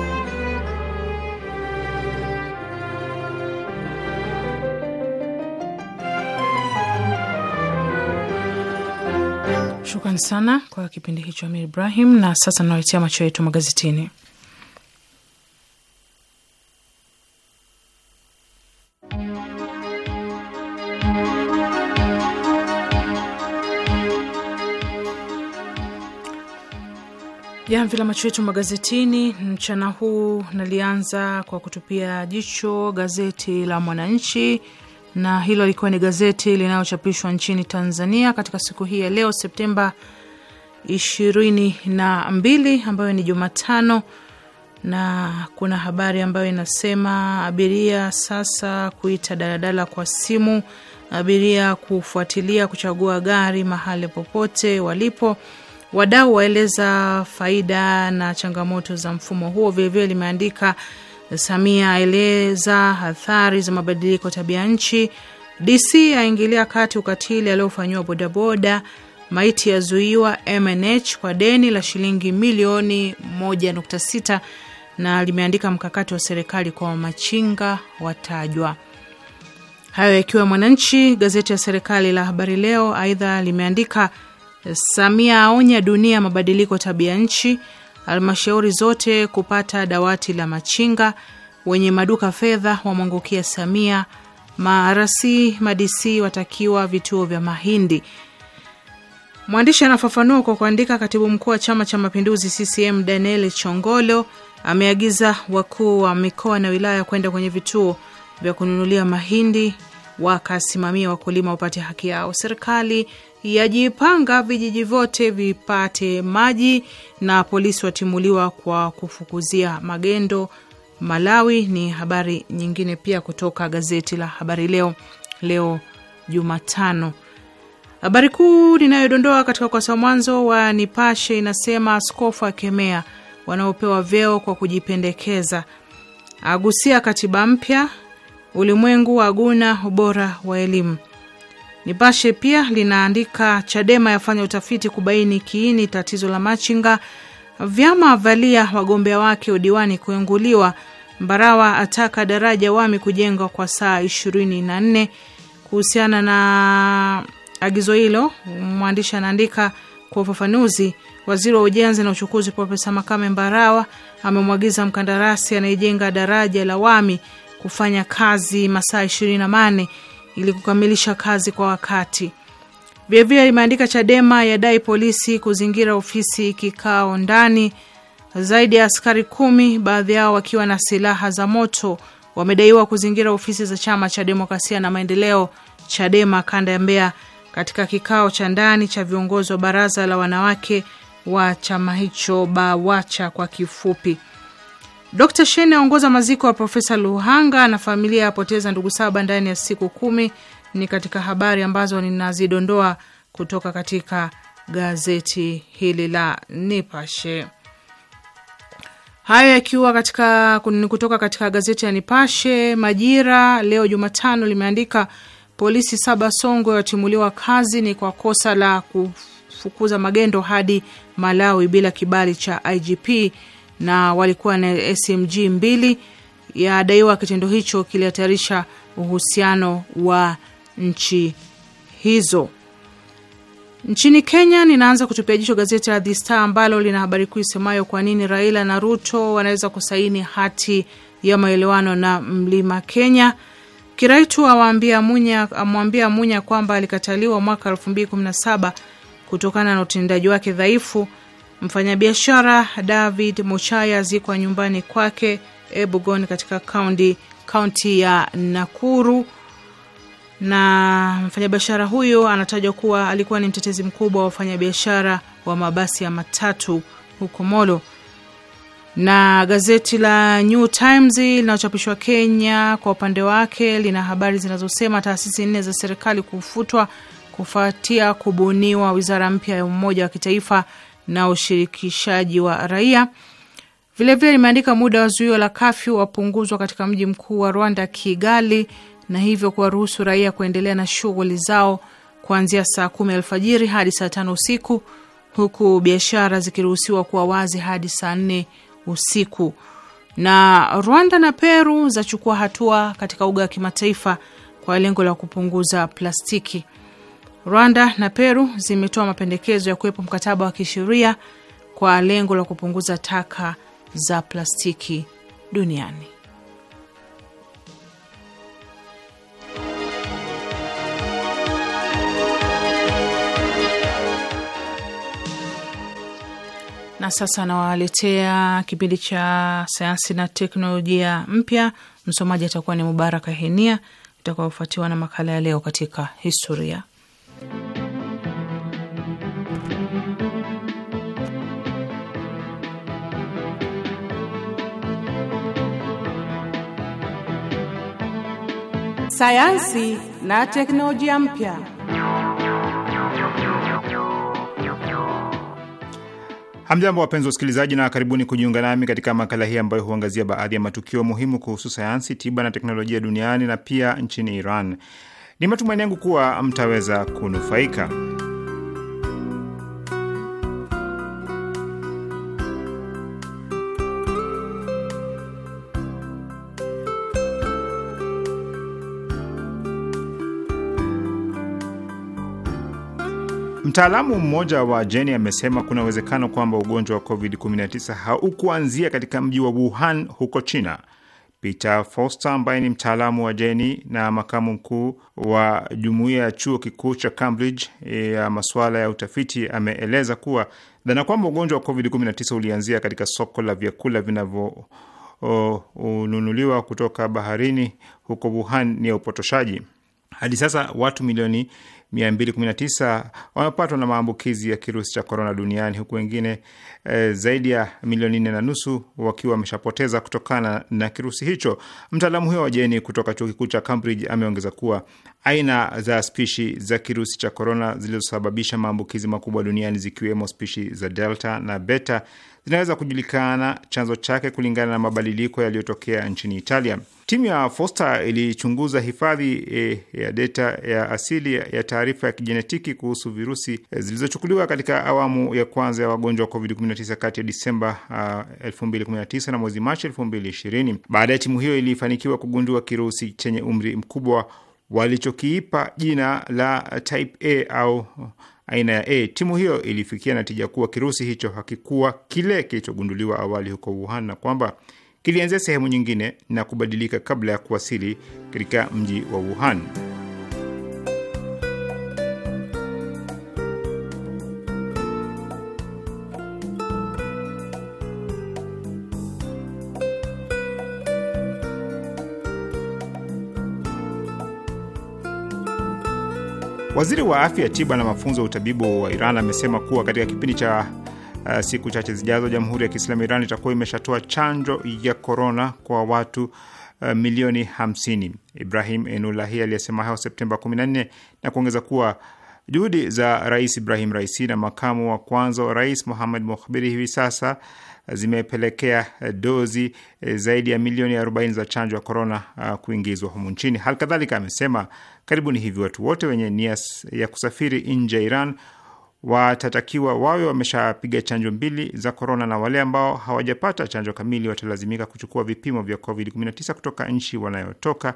Shukran sana kwa kipindi hicho Amir Ibrahim. Na sasa nawaletea macho yetu magazetini. Jamvi la macho yetu magazetini mchana huu nalianza kwa kutupia jicho gazeti la Mwananchi, na hilo likiwa ni gazeti linalochapishwa nchini Tanzania katika siku hii ya leo Septemba mbili ambayo ni Jumatano, na kuna habari ambayo inasema abiria sasa kuita daladala kwa simu, abiria kufuatilia kuchagua gari mahali popote walipo Wadau waeleza faida na changamoto za mfumo huo. Vilevile limeandika Samia aeleza hathari za mabadiliko tabia nchi. DC aingilia kati ukatili aliofanyiwa bodaboda. Maiti yazuiwa MNH kwa deni la shilingi milioni 1.6, na limeandika mkakati wa serikali kwa machinga watajwa. Hayo yakiwa Mwananchi, gazeti ya serikali la Habari Leo. Aidha limeandika Samia aonya dunia mabadiliko tabia nchi. Halmashauri zote kupata dawati la machinga. Wenye maduka fedha wamwangukia Samia. Marasi madisi watakiwa vituo vya mahindi. Mwandishi anafafanua kwa kuandika, katibu mkuu wa Chama cha Mapinduzi CCM Daniel Chongolo ameagiza wakuu wa mikoa na wilaya kwenda kwenye vituo vya kununulia mahindi wakasimamia wakulima wapate haki yao. Serikali yajipanga, vijiji vyote vipate maji, na polisi watimuliwa kwa kufukuzia magendo Malawi. Ni habari nyingine pia kutoka gazeti la Habari Leo leo Jumatano. Habari kuu ninayodondoa katika ukurasa wa mwanzo wa Nipashe inasema askofu akemea wanaopewa vyeo kwa kujipendekeza, agusia katiba mpya, ulimwengu wa guna ubora wa elimu. Nipashe pia linaandika Chadema yafanya utafiti kubaini kiini tatizo la machinga, vyama valia wagombea wake udiwani kuinguliwa, Mbarawa ataka daraja Wami kujengwa kwa saa 24. Kuhusiana na agizo hilo, mwandishi anaandika kwa ufafanuzi, waziri wa ujenzi na uchukuzi Profesa Makame Mbarawa amemwagiza mkandarasi anayejenga daraja la Wami kufanya kazi masaa 24 ili kukamilisha kazi kwa wakati. Vilevile limeandika Chadema yadai polisi kuzingira ofisi kikao ndani. Zaidi ya askari kumi, baadhi yao wakiwa na silaha za moto, wamedaiwa kuzingira ofisi za chama cha demokrasia na maendeleo Chadema kanda ya Mbeya katika kikao cha ndani cha viongozi wa baraza la wanawake wa chama hicho BAWACHA kwa kifupi. Dr shen aongoza maziko ya Profesa Luhanga na familia yapoteza ndugu saba ndani ya siku kumi. Ni katika habari ambazo ninazidondoa kutoka katika gazeti hili la Nipashe. Hayo yakiwa katika kutoka katika gazeti ya Nipashe. Majira leo Jumatano limeandika polisi saba Songwe watimuliwa kazi ni kwa kosa la kufukuza magendo hadi Malawi bila kibali cha IGP na walikuwa na SMG mbili. Yadaiwa kitendo hicho kilihatarisha uhusiano wa nchi hizo. Nchini Kenya, ninaanza kutupia jicho gazeti la The Star ambalo lina habari kuu isemayo kwa nini Raila na Ruto wanaweza kusaini hati ya maelewano na Mlima Kenya. Kiraitu amwambia Munya, amwambia Munya kwamba alikataliwa mwaka 2017 kutokana na utendaji wake dhaifu Mfanyabiashara David Muchaya zikwa nyumbani kwake Ebugon katika kaunti kaunti ya Nakuru na mfanyabiashara huyo anatajwa kuwa alikuwa ni mtetezi mkubwa wa wafanyabiashara wa mabasi ya matatu huko Molo. Na gazeti la New Times linalochapishwa Kenya kwa upande wake lina habari zinazosema taasisi nne za serikali kufutwa kufuatia kubuniwa wizara mpya ya umoja wa kitaifa na ushirikishaji wa raia. Vilevile limeandika muda wa zuio la kafyu wapunguzwa katika mji mkuu wa Rwanda, Kigali, na hivyo kuwaruhusu raia kuendelea na shughuli zao kuanzia saa kumi alfajiri hadi saa tano usiku huku biashara zikiruhusiwa kuwa wazi hadi saa nne usiku. Na Rwanda na Peru zachukua hatua katika uga wa kimataifa kwa lengo la kupunguza plastiki. Rwanda na Peru zimetoa mapendekezo ya kuwepo mkataba wa kisheria kwa lengo la kupunguza taka za plastiki duniani. Na sasa nawaletea kipindi cha sayansi na teknolojia mpya. Msomaji atakuwa ni Mubaraka Henia, itakayofuatiwa na makala ya leo katika historia. Sayansi na teknolojia mpya. Hamjambo wapenzi usikilizaji, na karibuni kujiunga nami katika makala hii ambayo huangazia baadhi ya matukio muhimu kuhusu sayansi, tiba na teknolojia duniani na pia nchini Iran. Ni matumaini yangu kuwa mtaweza kunufaika. Mtaalamu mmoja wa Jeni amesema kuna uwezekano kwamba ugonjwa wa COVID-19 haukuanzia katika mji wa Wuhan huko China Peter Foster ambaye ni mtaalamu wa jeni na makamu mkuu wa jumuiya ya chuo kikuu cha Cambridge e, ya masuala ya utafiti ameeleza kuwa dhana kwamba ugonjwa wa COVID-19 ulianzia katika soko la vyakula vinavyonunuliwa kutoka baharini huko Wuhan ni ya upotoshaji. Hadi sasa watu milioni 219 wamepatwa na maambukizi ya kirusi cha korona duniani huku wengine e, zaidi ya milioni nne na nusu wakiwa wameshapoteza kutokana na kirusi hicho. Mtaalamu huyo wa jeni kutoka chuo kikuu cha Cambridge ameongeza kuwa aina za spishi za kirusi cha korona zilizosababisha maambukizi makubwa duniani zikiwemo spishi za Delta na Beta zinaweza kujulikana chanzo chake kulingana na mabadiliko yaliyotokea nchini Italia. Timu ya Foster ilichunguza hifadhi e, ya data ya asili ya taarifa ya kijenetiki kuhusu virusi e, zilizochukuliwa katika awamu ya kwanza ya wagonjwa wa COVID-19 kati ya Disemba uh, ah, 2019 na mwezi Machi 2020. Baada ya timu hiyo ilifanikiwa kugundua kirusi chenye umri mkubwa walichokiipa jina la type A au aina ya A. Timu hiyo ilifikia natija kuwa kirusi hicho hakikuwa kile kilichogunduliwa awali huko Wuhan na kwamba kilianzia sehemu nyingine na kubadilika kabla ya kuwasili katika mji wa Wuhan. Waziri wa afya, tiba na mafunzo ya utabibu wa Iran amesema kuwa katika kipindi cha uh, siku chache zijazo, Jamhuri ya Kiislamu Iran itakuwa imeshatoa chanjo ya korona kwa watu uh, milioni 50 Ibrahim Enulahi aliyesema hayo Septemba 14 na kuongeza kuwa juhudi za Rais Ibrahim Raisi na makamu wa kwanza wa rais Muhammad Mukhbiri hivi sasa zimepelekea eh, dozi eh, zaidi ya milioni 40 za chanjo ya korona ah, kuingizwa humu nchini. Hali kadhalika amesema karibuni hivi watu wote wenye nia ya kusafiri nje ya Iran watatakiwa wawe wameshapiga chanjo mbili za korona, na wale ambao hawajapata chanjo kamili watalazimika kuchukua vipimo vya COVID-19 kutoka nchi wanayotoka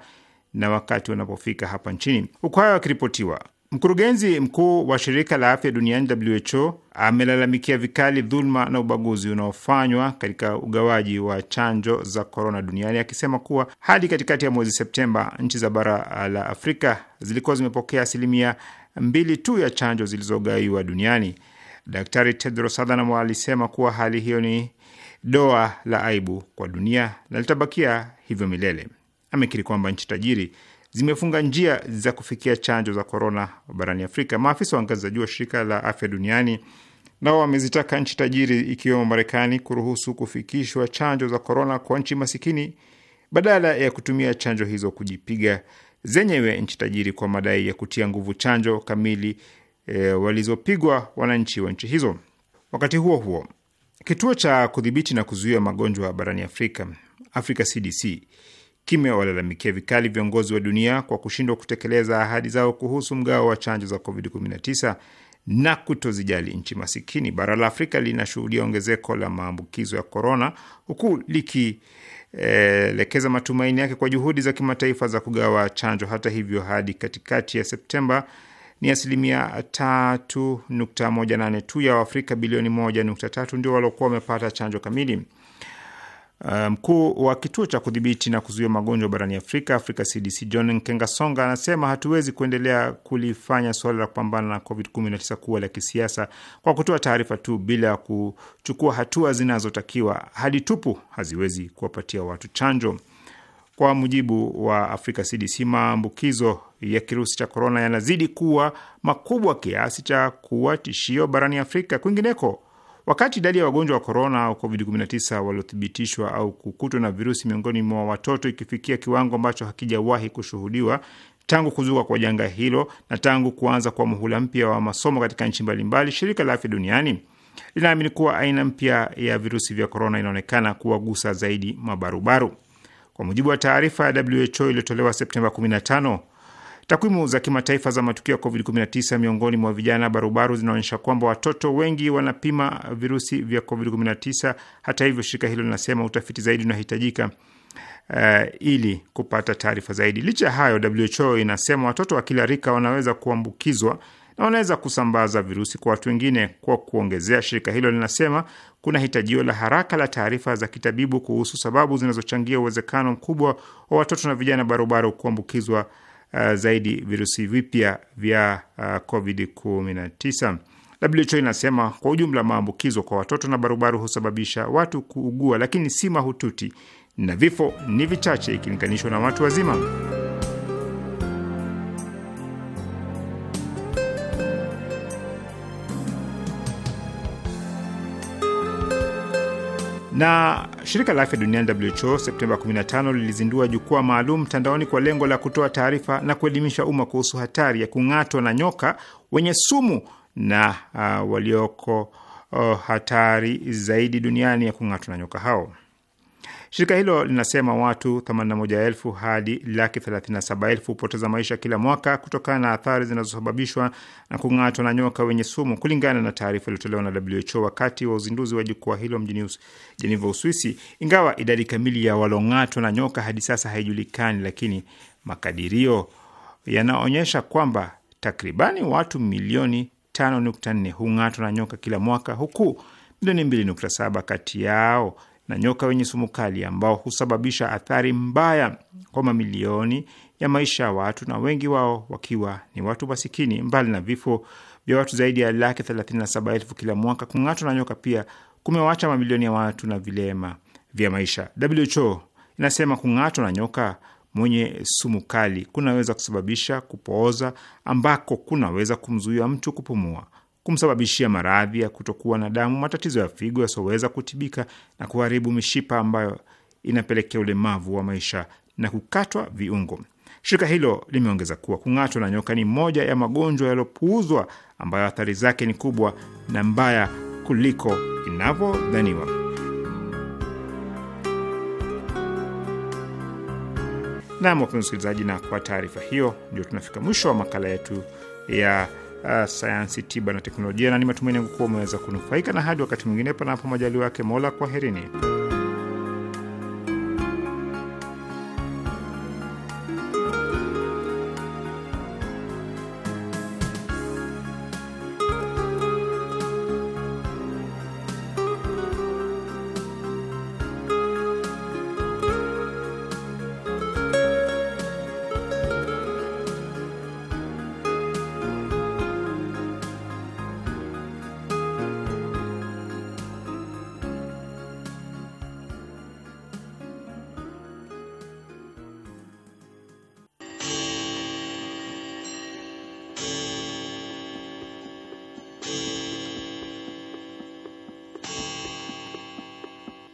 na wakati wanapofika hapa nchini. Huku hayo akiripotiwa Mkurugenzi mkuu wa shirika la afya duniani WHO amelalamikia vikali dhuluma na ubaguzi unaofanywa katika ugawaji wa chanjo za korona duniani akisema kuwa hadi katikati ya mwezi Septemba nchi za bara la Afrika zilikuwa zimepokea asilimia mbili tu ya chanjo zilizogaiwa duniani. Daktari Tedros Adhanom alisema kuwa hali hiyo ni doa la aibu kwa dunia na litabakia hivyo milele. Amekiri kwamba nchi tajiri zimefunga njia za kufikia chanjo za korona barani Afrika. Maafisa wa ngazi za juu wa shirika la afya duniani nao wamezitaka nchi tajiri ikiwemo Marekani kuruhusu kufikishwa chanjo za korona kwa nchi masikini badala ya kutumia chanjo hizo kujipiga zenyewe nchi tajiri kwa madai ya kutia nguvu chanjo kamili e, walizopigwa wananchi wa nchi hizo. Wakati huo huo, kituo cha kudhibiti na kuzuia magonjwa barani Afrika, Afrika CDC kimewalalamikia vikali viongozi wa dunia kwa kushindwa kutekeleza ahadi zao kuhusu mgao wa chanjo za COVID-19 na kutozijali nchi masikini. Bara la Afrika linashuhudia ongezeko la maambukizo ya korona, huku likielekeza matumaini yake kwa juhudi za kimataifa za kugawa chanjo. Hata hivyo, hadi katikati ya Septemba ni asilimia 318 tu ya Waafrika bilioni 13 ndio waliokuwa wamepata chanjo kamili. Uh, mkuu um, wa kituo cha kudhibiti na kuzuia magonjwa barani Afrika, Africa CDC, John Nkengasonga anasema hatuwezi kuendelea kulifanya suala la kupambana na COVID-19 kuwa la kisiasa kwa kutoa taarifa tu bila kuchukua hatua zinazotakiwa. Hadi tupu haziwezi kuwapatia watu chanjo. Kwa mujibu wa Africa CDC, maambukizo ya kirusi cha korona yanazidi kuwa makubwa kiasi cha kuwa tishio barani Afrika. Kwingineko, Wakati idadi ya wagonjwa wa korona au covid-19 waliothibitishwa au kukutwa na virusi miongoni mwa watoto ikifikia kiwango ambacho hakijawahi kushuhudiwa tangu kuzuka kwa janga hilo na tangu kuanza kwa muhula mpya wa masomo katika nchi mbalimbali, shirika la afya duniani linaamini kuwa aina mpya ya virusi vya korona inaonekana kuwagusa zaidi mabarubaru. Kwa mujibu wa taarifa ya WHO iliyotolewa Septemba 15 Takwimu za kimataifa za matukio ya COVID-19 miongoni mwa vijana barubaru zinaonyesha kwamba watoto wengi wanapima virusi vya COVID-19. Hata hivyo, shirika hilo linasema utafiti zaidi unahitajika uh, ili kupata taarifa zaidi. Licha ya hayo, WHO inasema watoto wa kila rika wanaweza kuambukizwa na wanaweza kusambaza virusi kwa watu wengine. Kwa kuongezea, shirika hilo linasema kuna hitajio la haraka la taarifa za kitabibu kuhusu sababu zinazochangia uwezekano mkubwa wa watoto na vijana barubaru kuambukizwa uh, zaidi virusi vipya vya uh, COVID-19. WHO inasema kwa ujumla maambukizo kwa watoto na barubaru husababisha watu kuugua, lakini si mahututi na vifo ni vichache ikilinganishwa na watu wazima. Na shirika la afya duniani WHO Septemba 15 lilizindua jukwaa maalum mtandaoni kwa lengo la kutoa taarifa na kuelimisha umma kuhusu hatari ya kung'atwa na nyoka wenye sumu na uh, walioko uh, hatari zaidi duniani ya kung'atwa na nyoka hao. Shirika hilo linasema watu 81,000 hadi laki 37,000 hupoteza maisha kila mwaka kutokana na athari zinazosababishwa na kung'atwa na nyoka wenye sumu, kulingana na taarifa iliyotolewa na WHO wakati wa uzinduzi wa jukwaa hilo mjini Jeneva, Uswisi. Ingawa idadi kamili ya walong'atwa na nyoka hadi sasa haijulikani, lakini makadirio yanaonyesha kwamba takribani watu milioni 5.4 hung'atwa na nyoka kila mwaka, huku milioni 2.7 kati yao na nyoka wenye sumu kali ambao husababisha athari mbaya kwa mamilioni ya maisha ya watu na wengi wao wakiwa ni watu masikini. Mbali na vifo vya watu zaidi ya laki 37 kila mwaka, kung'atwa na nyoka pia kumewacha mamilioni ya watu na vilema vya maisha. WHO inasema kung'atwa na nyoka mwenye sumu kali kunaweza kusababisha kupooza ambako kunaweza kumzuia mtu kupumua, kumsababishia maradhi ya kutokuwa na damu, matatizo ya figo yasioweza kutibika na kuharibu mishipa ambayo inapelekea ulemavu wa maisha na kukatwa viungo. Shirika hilo limeongeza kuwa kung'atwa na nyoka ni moja ya magonjwa yaliyopuuzwa ambayo athari zake ni kubwa na mbaya kuliko inavyodhaniwa. Nam, wapenzi msikilizaji, na kwa taarifa hiyo ndio tunafika mwisho wa makala yetu ya uh, sayansi, tiba na teknolojia, na ni matumaini yangu kuwa umeweza kunufaika. Na hadi wakati mwingine, panapo majali wake Mola, kwaherini.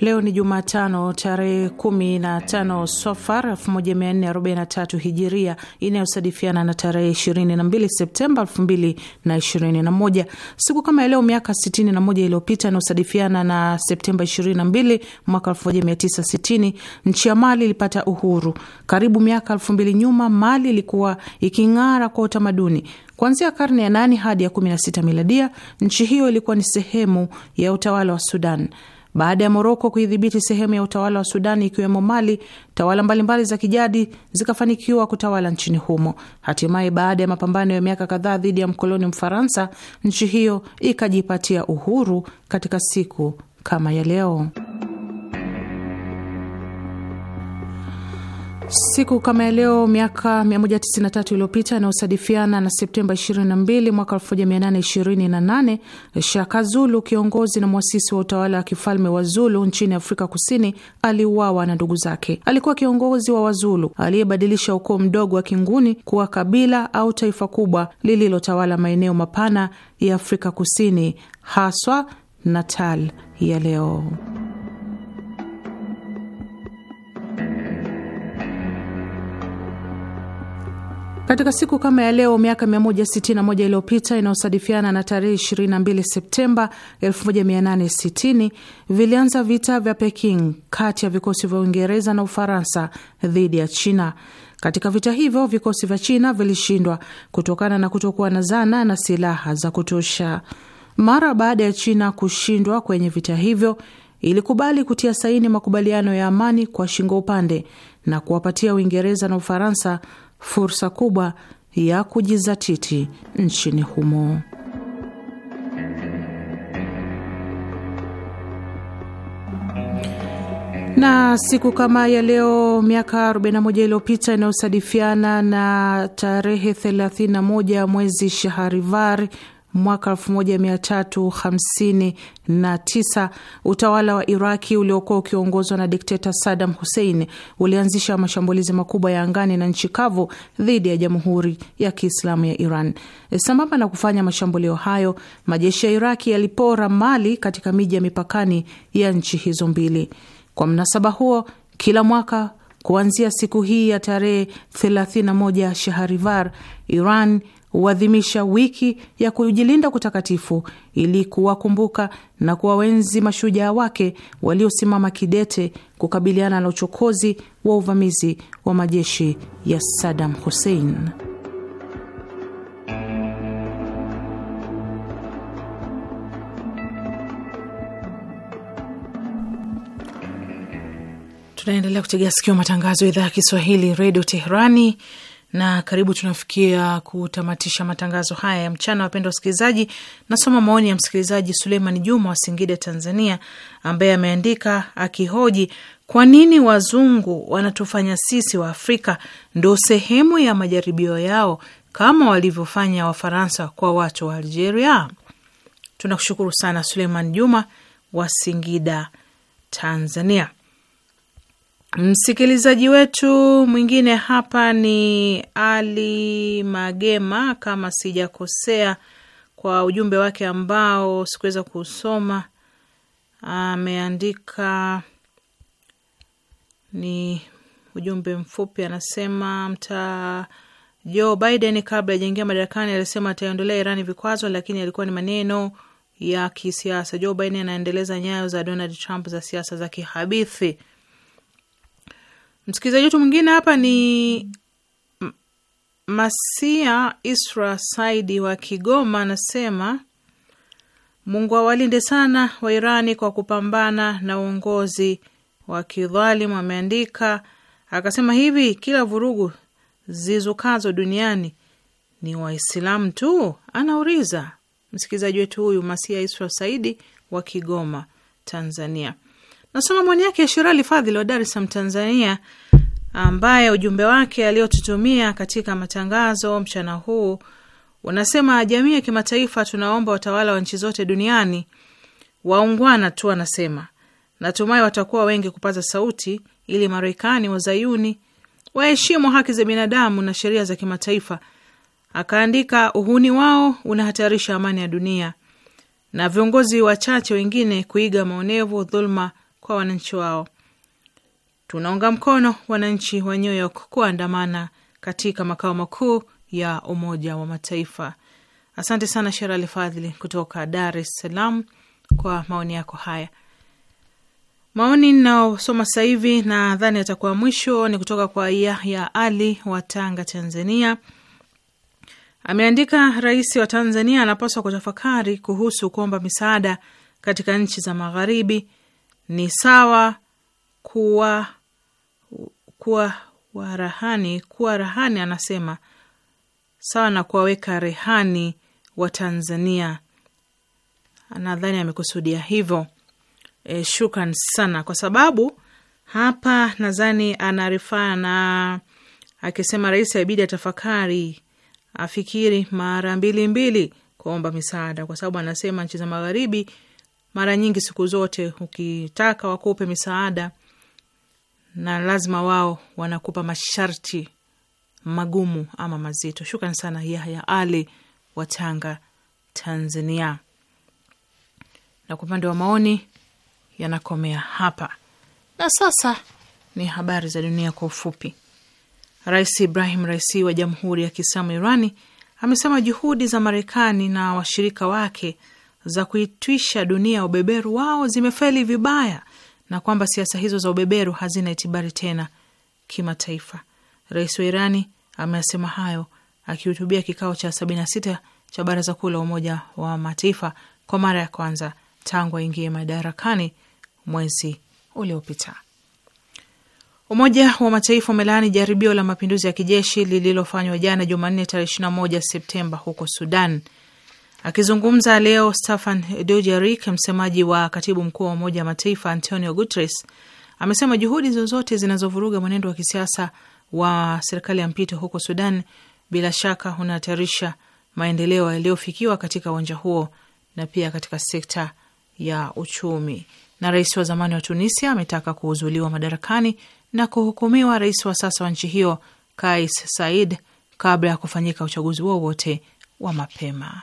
Leo ni Jumatano tarehe 15 Sofar 1443 Hijiria inayosadifiana na tarehe 22 Septemba 2021. Siku kama leo miaka 61 iliyopita inayosadifiana na Septemba 22 mwaka 1960, nchi ya Mali ilipata uhuru. Karibu miaka 2000 nyuma, Mali ilikuwa iking'ara kwa utamaduni. Kuanzia karne ya nani hadi ya 16 miladia, nchi hiyo ilikuwa ni sehemu ya utawala wa Sudan. Baada ya Moroko kuidhibiti sehemu ya utawala wa Sudani ikiwemo Mali, tawala mbalimbali za kijadi zikafanikiwa kutawala nchini humo. Hatimaye, baada ya mapambano ya miaka kadhaa dhidi ya mkoloni Mfaransa, nchi hiyo ikajipatia uhuru katika siku kama ya leo. Siku kama ya leo miaka 193 iliyopita inayosadifiana na Septemba 22 mwaka 1828, Shaka Zulu, kiongozi na mwasisi wa utawala wa kifalme wa Zulu nchini Afrika Kusini, aliuawa na ndugu zake. Alikuwa kiongozi wa Wazulu aliyebadilisha ukoo mdogo wa Kinguni kuwa kabila au taifa kubwa lililotawala maeneo mapana ya Afrika Kusini, haswa Natal ya leo. Katika siku kama ya leo miaka 161 iliyopita inayosadifiana na tarehe 22 Septemba 1860 vilianza vita vya Peking kati ya vikosi vya Uingereza na Ufaransa dhidi ya China. Katika vita hivyo vikosi vya China vilishindwa kutokana na kutokuwa na zana na silaha za kutosha. Mara baada ya China kushindwa kwenye vita hivyo, ilikubali kutia saini makubaliano ya amani kwa shingo upande na kuwapatia Uingereza na Ufaransa fursa kubwa ya kujizatiti nchini humo. na siku kama ya leo miaka 41 iliyopita inayosadifiana na tarehe 31 mwezi Shaharivar mwaka 1359 utawala wa Iraki uliokuwa ukiongozwa na dikteta sadam Hussein ulianzisha mashambulizi makubwa ya angani na nchi kavu dhidi ya Jamhuri ya Kiislamu ya Iran. Sambamba na kufanya mashambulio hayo, majeshi ya Iraki yalipora mali katika miji ya mipakani ya nchi hizo mbili. Kwa mnasaba huo, kila mwaka kuanzia siku hii ya tarehe 31 shaharivar Iran huadhimisha wiki ya kujilinda kutakatifu ili kuwakumbuka na kuwawenzi mashujaa wake waliosimama kidete kukabiliana na uchokozi wa uvamizi wa majeshi ya Saddam Hussein. Tunaendelea kutegea sikio matangazo ya idhaa ya Kiswahili redio Teherani na karibu. Tunafikia kutamatisha matangazo haya ya mchana, wapendwa wasikilizaji. Nasoma maoni ya msikilizaji Suleiman Juma wa Singida, Tanzania, ambaye ameandika akihoji kwa nini wazungu wanatufanya sisi wa Afrika ndo sehemu ya majaribio yao kama walivyofanya Wafaransa kwa watu wa Algeria. Tunakushukuru sana Suleiman Juma wa Singida, Tanzania. Msikilizaji wetu mwingine hapa ni Ali Magema, kama sijakosea, kwa ujumbe wake ambao sikuweza kuusoma. Ameandika ni ujumbe mfupi, anasema mta Joe Biden kabla ajaingia madarakani alisema ataondolea Irani vikwazo, lakini alikuwa ni maneno ya kisiasa. Joe Biden anaendeleza nyayo za Donald Trump za siasa za kihabithi. Msikilizaji wetu mwingine hapa ni Masia Isra Saidi wa Kigoma, anasema Mungu awalinde sana Wairani kwa kupambana na uongozi wa kidhalimu. Ameandika akasema hivi, kila vurugu zizukazo duniani ni Waislamu tu? Anauliza msikilizaji wetu huyu Masia Isra Saidi wa Kigoma, Tanzania. Nasoma mwani yake Shirali Fadhili wa Dar es Salaam, Tanzania, ambaye ujumbe wake aliotutumia katika matangazo mchana huu unasema, jamii ya kimataifa, tunaomba watawala wa nchi zote duniani waungwana tu, anasema natumai watakuwa wengi kupata sauti ili Marekani wazayuni waheshimu haki za binadamu na sheria za kimataifa. Akaandika, uhuni wao unahatarisha amani ya dunia na viongozi wachache wengine kuiga maonevu, dhuluma kwa wananchi wao. Tunaunga mkono wananchi wa New York kuandamana katika makao makuu ya Umoja wa Mataifa. Asante sana Sherali Fadhili kutoka Dar es Salaam kwa maoni yako haya. Maoni ninaosoma sasa hivi dhani yatakuwa mwisho ni kutoka kwa Yahya Ali wa Tanga, Tanzania. Ameandika, rais wa Tanzania anapaswa kutafakari kuhusu kuomba misaada katika nchi za Magharibi ni sawa kuwa kuwa warahani kuwa rahani, anasema sawa na kuwaweka rehani wa Tanzania. Nadhani amekusudia hivyo. E, shukran sana kwa sababu hapa nadhani anarifaa na akisema rais abidi atafakari afikiri mara mbili mbili kuomba misaada, kwa sababu anasema nchi za magharibi mara nyingi siku zote ukitaka wakupe misaada, na lazima wao wanakupa masharti magumu ama mazito. Shukran sana Yahya Ali wa Tanga, Tanzania. Na kwa upande wa maoni yanakomea hapa, na sasa ni habari za dunia kwa ufupi. Rais Ibrahim Raisi wa Jamhuri ya Kiislamu Irani amesema juhudi za Marekani na washirika wake za kuitwisha dunia ubeberu wao zimefeli vibaya na kwamba siasa hizo za ubeberu hazina itibari tena kimataifa. Rais wa Irani amesema hayo akihutubia kikao cha sabini na sita cha Baraza Kuu la Umoja wa Mataifa kwa mara ya kwanza tangu aingie madarakani mwezi uliopita. Umoja wa Mataifa umelaani jaribio la mapinduzi ya kijeshi lililofanywa jana Jumanne tarehe 21 Septemba huko Sudan. Akizungumza leo Staffan Dujarik, msemaji wa katibu mkuu wa Umoja wa Mataifa Antonio Guterres, amesema juhudi zozote zinazovuruga mwenendo wa kisiasa wa serikali ya mpito huko Sudan bila shaka unahatarisha maendeleo yaliyofikiwa katika uwanja huo na pia katika sekta ya uchumi. Na rais wa zamani wa Tunisia ametaka kuuzuliwa madarakani na kuhukumiwa rais wa sasa wa nchi hiyo Kais Said kabla ya kufanyika uchaguzi wowote wa, wa mapema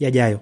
yajayo.